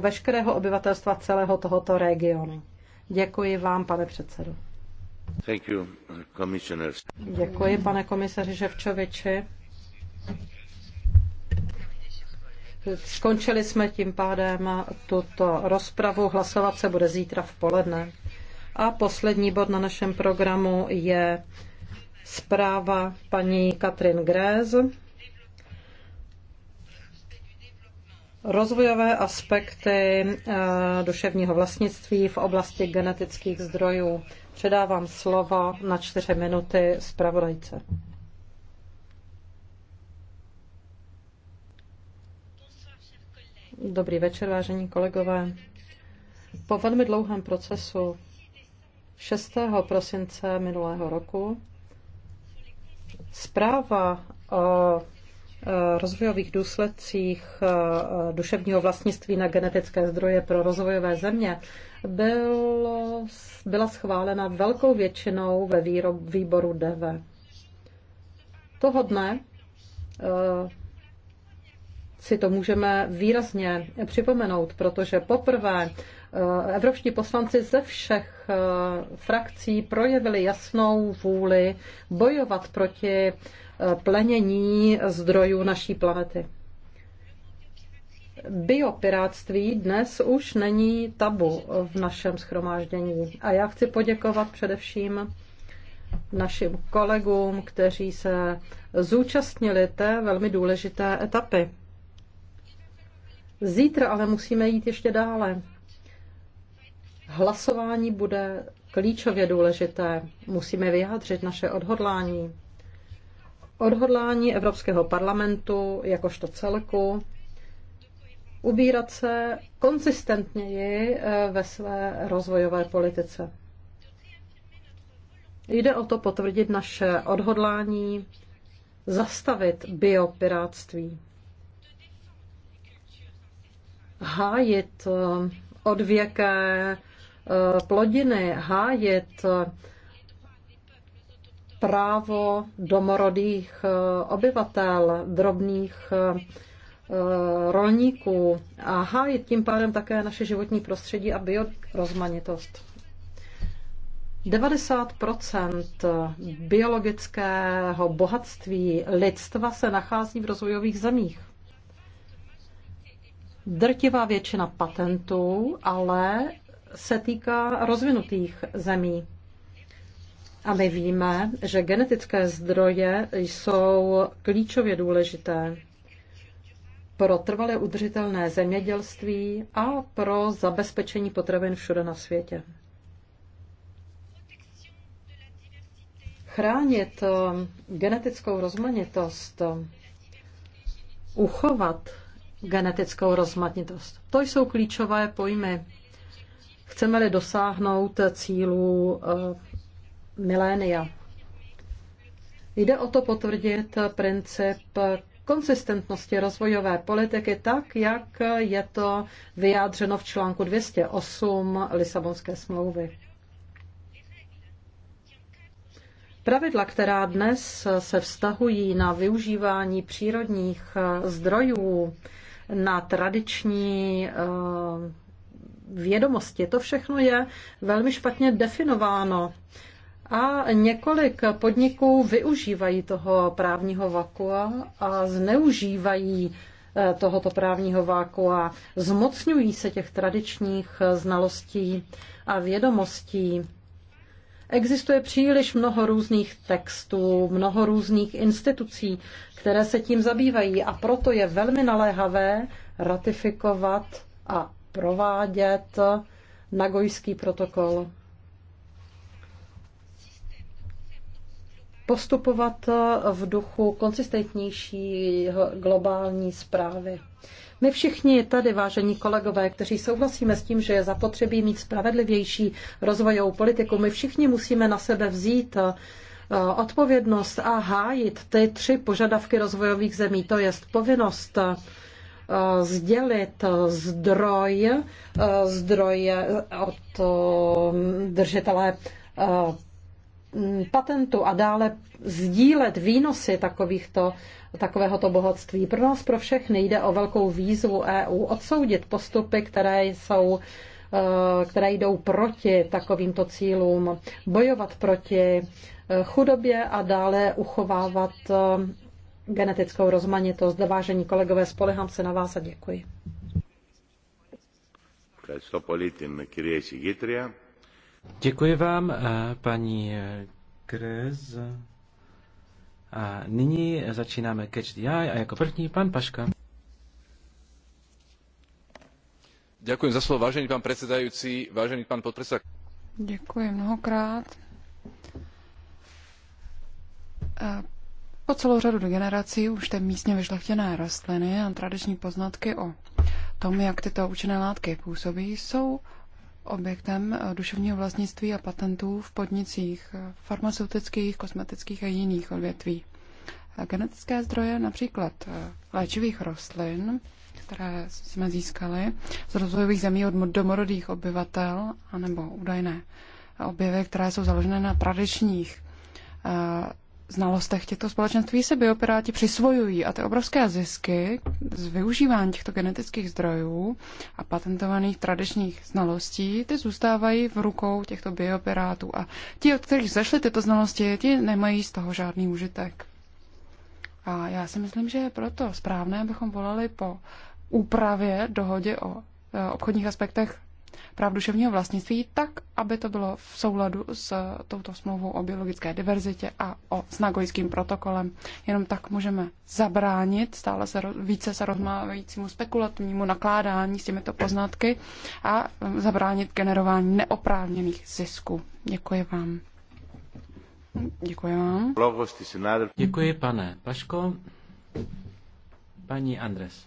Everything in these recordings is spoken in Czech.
veškerého obyvatelstva celého tohoto regionu. Děkuji vám, pane předsedo. Thank you, Děkuji, pane komisaři Ževčoviči. Skončili jsme tím pádem tuto rozpravu. Hlasovat se bude zítra v poledne. A poslední bod na našem programu je zpráva paní Katrin Gréz. rozvojové aspekty eh, duševního vlastnictví v oblasti genetických zdrojů. Předávám slovo na čtyři minuty zpravodajce. Dobrý večer, vážení kolegové. Po velmi dlouhém procesu 6. prosince minulého roku zpráva o Eh, rozvojových důsledcích eh, duševního vlastnictví na genetické zdroje pro rozvojové země bylo, byla schválena velkou většinou ve výrob, výboru DV. Toho dne eh, si to můžeme výrazně připomenout, protože poprvé Eh, evropští poslanci ze všech eh, frakcí projevili jasnou vůli bojovat proti eh, plenění zdrojů naší planety. Biopiráctví dnes už není tabu v našem schromáždění a já chci poděkovat především našim kolegům, kteří se zúčastnili té velmi důležité etapy. Zítra ale musíme jít ještě dále Hlasování bude klíčově důležité. Musíme vyjádřit naše odhodlání. Odhodlání Evropského parlamentu jakožto celku ubírat se konzistentněji eh, ve své rozvojové politice. Jde o to potvrdit naše odhodlání zastavit biopiráctví, hájit eh, odvěké plodiny, hájit právo domorodých eh, obyvatel, drobných eh, rolníků a hájit tím pádem také naše životní prostředí a biorozmanitost. 90 biologického bohatství lidstva se nachází v rozvojových zemích. Drtivá většina patentů ale se týká rozvinutých zemí. A my víme, že genetické zdroje jsou klíčově důležité pro trvalé udržitelné zemědělství a pro zabezpečení potravin všude na světě. Chránit eh, genetickou rozmanitost, uchovat genetickou rozmanitost, to jsou klíčové pojmy Chceme-li dosáhnout cílů eh, milénia. Jde o to potvrdit princip konsistentnosti rozvojové politiky tak, jak je to vyjádřeno v článku 208 Lisabonské smlouvy. Pravidla, která dnes se vztahují na využívání přírodních zdrojů, na tradiční eh, vědomosti. To všechno je velmi špatně definováno. A několik podniků využívají toho právního vakua a zneužívají eh, tohoto právního vakua, zmocňují se těch tradičních znalostí a vědomostí. Existuje příliš mnoho různých textů, mnoho různých institucí, které se tím zabývají a proto je velmi naléhavé ratifikovat a provádět Nagojský protokol. Postupovat v duchu konsistentnější globální zprávy. My všichni tady, vážení kolegové, kteří souhlasíme s tím, že je zapotřebí mít spravedlivější rozvojovou politiku, my všichni musíme na sebe vzít eh, odpovědnost a hájit ty tři požadavky rozvojových zemí. To je povinnost Eh, sdělit zdroj, eh, zdroj od eh, držitele patentu a dále sdílet výnosy takovýchto, takovéhoto bohatství. Pro nás, pro všechny jde o velkou výzvu EU odsoudit postupy, které jsou které jdou proti takovýmto cílům, bojovat proti chudobě a dále uchovávat genetickou rozmanitost. Vážení kolegové, spolehám se na vás a děkuji. Děkuji vám, eh, paní eh, Krez. A nyní začínáme Catch the Eye a jako první pan Paška. Děkuji za slovo, vážený pan předsedající, vážený pan podpredseda. Děkuji mnohokrát. Eh, po celou řadu generací už ty místně vyšlechtěné rostliny a tradiční poznatky o tom, jak tyto účinné látky působí, jsou objektem duševního vlastnictví a patentů v podnicích farmaceutických, kosmetických a jiných odvětví. Genetické zdroje například eh, léčivých rostlin, které jsme získali z rozvojových zemí od domorodých obyvatel, anebo údajné objevy, které jsou založené na tradičních eh, znalostech těchto společenství se biopiráti přisvojují a ty obrovské zisky z využívání těchto genetických zdrojů a patentovaných tradičních znalostí, ty zůstávají v rukou těchto biopirátů a ti, od kterých zešly tyto znalosti, ti nemají z toho žádný užitek. A já si myslím, že je proto správné, abychom volali po úpravě dohodě o e, obchodních aspektech práv duševního vlastnictví tak, aby to bylo v souladu s touto smlouvou o biologické diverzitě a o snagojským protokolem. Jenom tak můžeme zabránit stále se více se rozmávajícímu spekulativnímu nakládání s těmito poznatky a um, zabránit generování neoprávněných zisků. Děkuji vám. Děkuji vám. Děkuji, pane Paško. Paní Andres.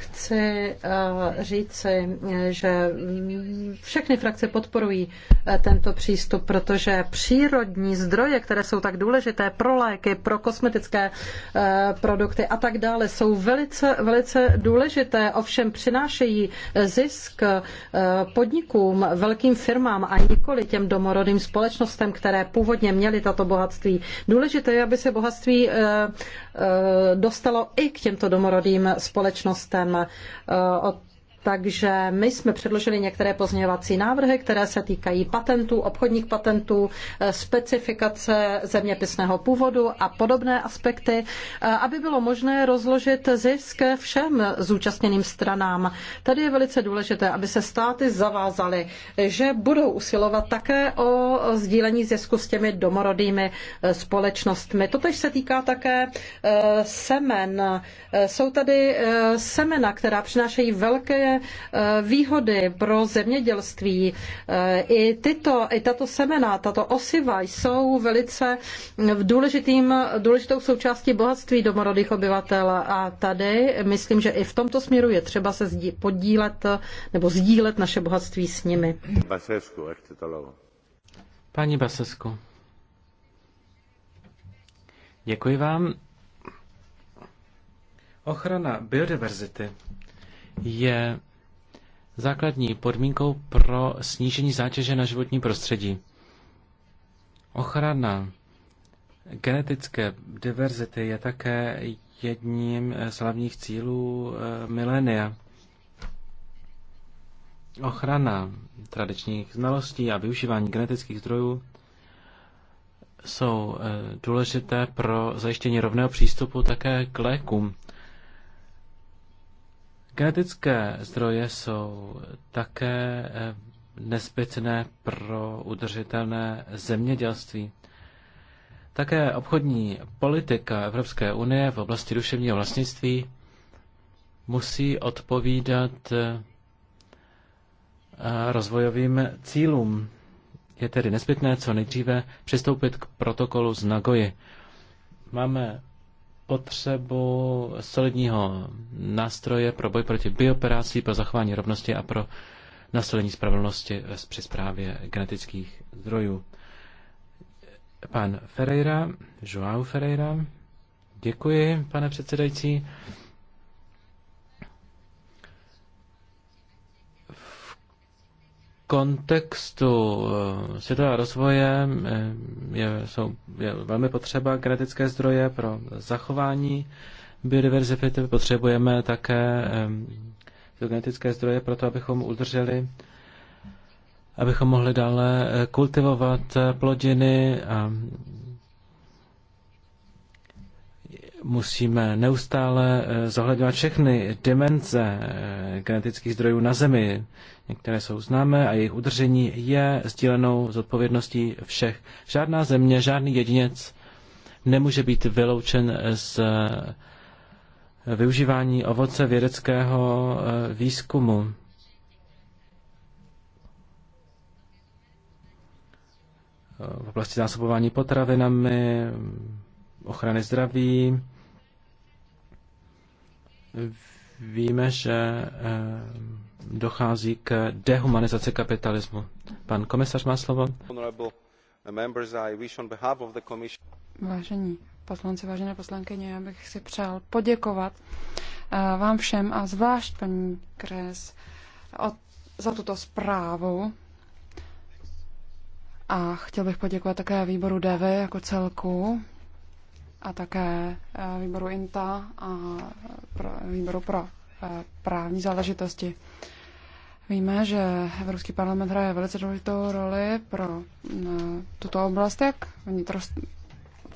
Chci eh, říci, že všechny frakce podporují eh, tento přístup, protože přírodní zdroje, které jsou tak důležité pro léky, pro kosmetické eh, produkty a tak dále, jsou velice, velice důležité, ovšem přinášejí zisk podnikům, velkým firmám a nikoli těm domorodým společnostem, které původně měly tato bohatství. Důležité je, aby se bohatství dostalo i k těmto domorodým společnostem oblastem eh, od takže my jsme předložili některé pozměňovací návrhy, které se týkají patentů, obchodních patentů, eh, specifikace zeměpisného původu a podobné aspekty, eh, aby bylo možné rozložit zisk všem zúčastněným stranám. Tady je velice důležité, aby se státy zavázaly, že budou usilovat také o sdílení zisku s těmi domorodými eh, společnostmi. Totež se týká také semen. Jsou tady semena, která přinášejí velké Eh, výhody pro zemědělství. Eh, I, tyto, i tato semena, tato osiva jsou velice důležitým, důležitou součástí bohatství domorodých obyvatel a tady myslím, že i v tomto směru je třeba se podílet nebo sdílet naše bohatství s nimi. Basesku, jak to Paní Basesku. Děkuji vám. Ochrana biodiverzity je základní podmínkou pro snížení zátěže na životní prostředí. Ochrana genetické diverzity je také jedním z hlavních cílů eh, milénia. Ochrana tradičních znalostí a využívání genetických zdrojů jsou eh, důležité pro zajištění rovného přístupu také k lékům. Genetické zdroje jsou také eh, nezbytné pro udržitelné zemědělství. Také obchodní politika Evropské unie v oblasti duševního vlastnictví musí odpovídat eh, rozvojovým cílům. Je tedy nezbytné co nejdříve přistoupit k protokolu z Nagoji. Máme potřebu solidního nástroje pro boj proti bioperací, pro zachování rovnosti a pro nasilení spravedlnosti při zprávě genetických zdrojů. Pan Ferreira, João Ferreira, děkuji, pane předsedající. kontextu eh, světového rozvoje eh, je, jsou, je velmi potřeba genetické zdroje pro zachování biodiverzity. Potřebujeme také eh, genetické zdroje pro to, abychom udrželi, abychom mohli dále kultivovat plodiny a musíme neustále eh, zohledňovat všechny dimenze eh, genetických zdrojů na Zemi. Některé jsou známé a jejich udržení je sdílenou zodpovědností všech. Žádná země, žádný jedinec nemůže být vyloučen z eh, využívání ovoce vědeckého výzkumu. V oblasti zásobování potravinami, ochrany zdraví, Víme, že eh, dochází k dehumanizaci kapitalismu. Pan komisař má slovo. Vážení poslanci, vážené poslankyně, já bych si přál poděkovat eh, vám všem a zvlášť paní Kres za tuto zprávu. A chtěl bych poděkovat také výboru DV jako celku, a také eh, výboru INTA a eh, pro, výboru pro eh, právní záležitosti. Víme, že Evropský parlament hraje velice důležitou roli pro tuto oblast, jak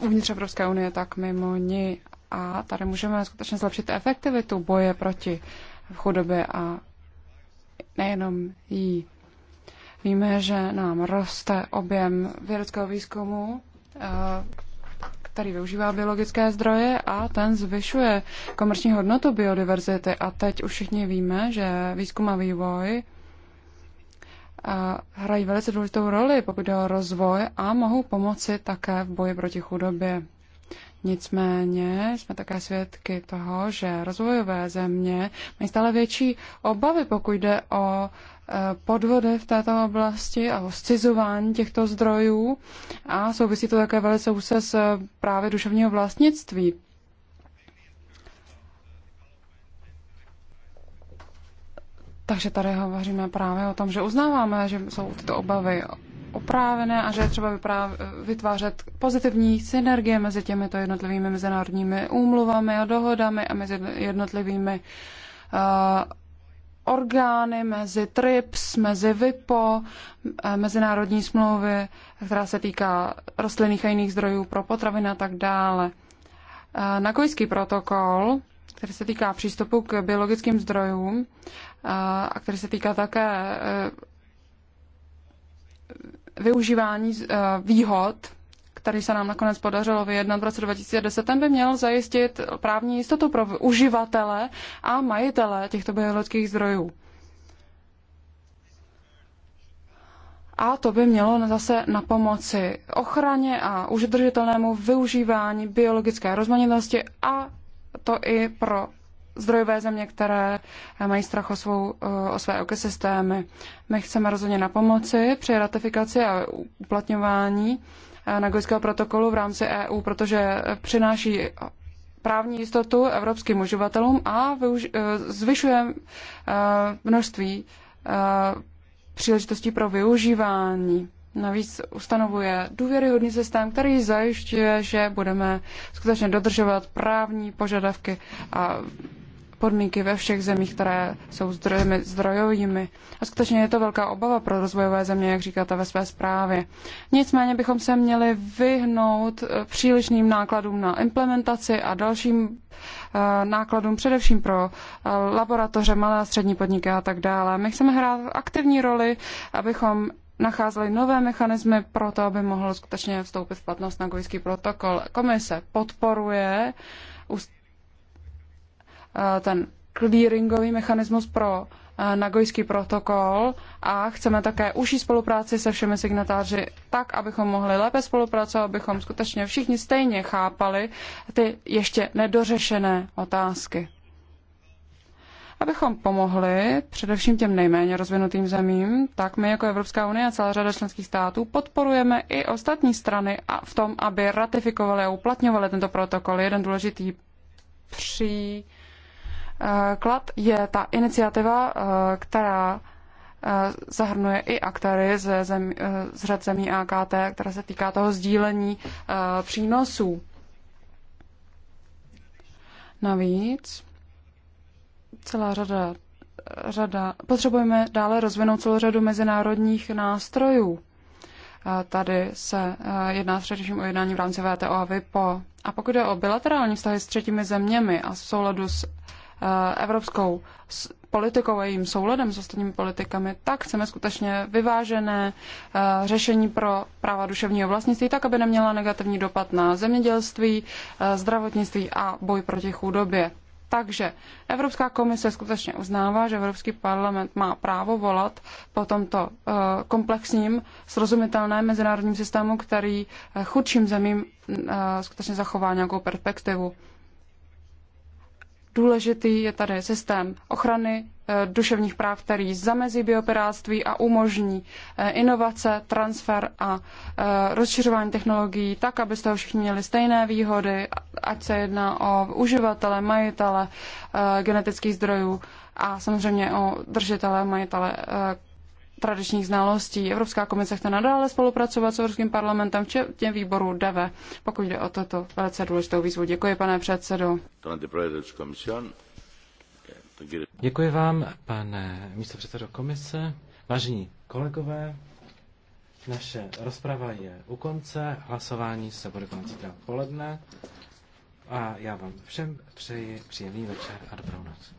uvnitř Evropské unie, tak mimo ní. A tady můžeme skutečně zlepšit efektivitu boje proti chudobě a nejenom jí. Víme, že nám roste objem vědeckého výzkumu, který využívá biologické zdroje a ten zvyšuje komerční hodnotu biodiverzity. A teď už všichni víme, že výzkum a vývoj hrají velice důležitou roli, pokud jde o rozvoj a mohou pomoci také v boji proti chudobě. Nicméně jsme také svědky toho, že rozvojové země mají stále větší obavy, pokud jde o uh, podvody v této oblasti a o scizování těchto zdrojů a souvisí to také velice úzce s eh, právě duševního vlastnictví. Takže tady hovoříme právě o tom, že uznáváme, že jsou tyto obavy oprávené a že je třeba vytvářet pozitivní synergie mezi těmito jednotlivými mezinárodními úmluvami a dohodami a mezi jednotlivými uh, orgány, mezi TRIPS, mezi VIPO, eh, mezinárodní smlouvy, která se týká rostlinných a jiných zdrojů pro potraviny a tak dále. Eh, Nakojský protokol, který se týká přístupu k biologickým zdrojům eh, a který se týká také využívání výhod který se nám nakonec podařilo vyjednat v roce 2010, ten by měl zajistit právní jistotu pro uživatele a majitele těchto biologických zdrojů. A to by mělo zase na pomoci ochraně a užitržitelnému využívání biologické rozmanitosti a to i pro zdrojové země, které mají strach o, svou, eh, o své ekosystémy. My chceme rozhodně na pomoci při ratifikaci a uplatňování Nagojského protokolu v rámci EU, protože přináší právní jistotu evropským uživatelům a eh, zvyšuje eh, množství eh, příležitostí pro využívání. Navíc ustanovuje důvěryhodný systém, který zajišťuje, že budeme skutečně dodržovat právní požadavky a podmínky ve všech zemích, které jsou zdrojemi, zdrojovými. A skutečně je to velká obava pro rozvojové země, jak říkáte ve své zprávě. Nicméně bychom se měli vyhnout eh, přílišným nákladům na implementaci a dalším eh, nákladům především pro eh, laboratoře, malé a střední podniky a tak dále. My chceme hrát aktivní roli, abychom nacházeli nové mechanismy pro to, aby mohl skutečně vstoupit v platnost Nagojský protokol. Komise podporuje Eh, ten clearingový mechanismus pro eh, Nagojský protokol a chceme také užší spolupráci se všemi signatáři tak, abychom mohli lépe spolupracovat, abychom skutečně všichni stejně chápali ty ještě nedořešené otázky. Abychom pomohli především těm nejméně rozvinutým zemím, tak my jako Evropská unie a celá řada členských států podporujeme i ostatní strany v tom, aby ratifikovali a uplatňovali tento protokol. Jeden důležitý pří Eh, Klad je ta iniciativa, eh, která eh, zahrnuje i aktéry ze zem, z řad zemí AKT, která se týká toho sdílení přínosů. Navíc celá řada, řada potřebujeme dále rozvinout celou řadu mezinárodních nástrojů. Tady se jedná především o jednání v rámci VTO a VIPO. A pokud je o bilaterální vztahy s třetími zeměmi a v souladu s Eh, evropskou politikou a jejím souladem s ostatními politikami, tak chceme skutečně vyvážené eh, řešení pro práva duševního vlastnictví, tak aby neměla negativní dopad na zemědělství, eh, zdravotnictví a boj proti chudobě. Takže Evropská komise skutečně uznává, že Evropský parlament má právo volat po tomto komplexním, srozumitelném mezinárodním systému, který chudším zemím skutečně zachová nějakou perspektivu. Důležitý je tady systém ochrany eh, duševních práv, který zamezí biopiráctví a umožní eh, inovace, transfer a eh, rozšiřování technologií tak, aby z toho všichni měli stejné výhody, ať se jedná o uživatele, majitele genetických zdrojů a samozřejmě o držitele, majitele tradičních znalostí. Evropská komise chce nadále spolupracovat s Evropským parlamentem, včetně výboru DEVE, pokud jde o toto velice důležitou výzvu. Děkuji, pane předsedo. Děkuji vám, pane místopředsedo komise. Vážení kolegové, naše rozprava je u konce, hlasování se bude konat zítra poledne a já vám všem přeji příjemný večer a dobrou noc.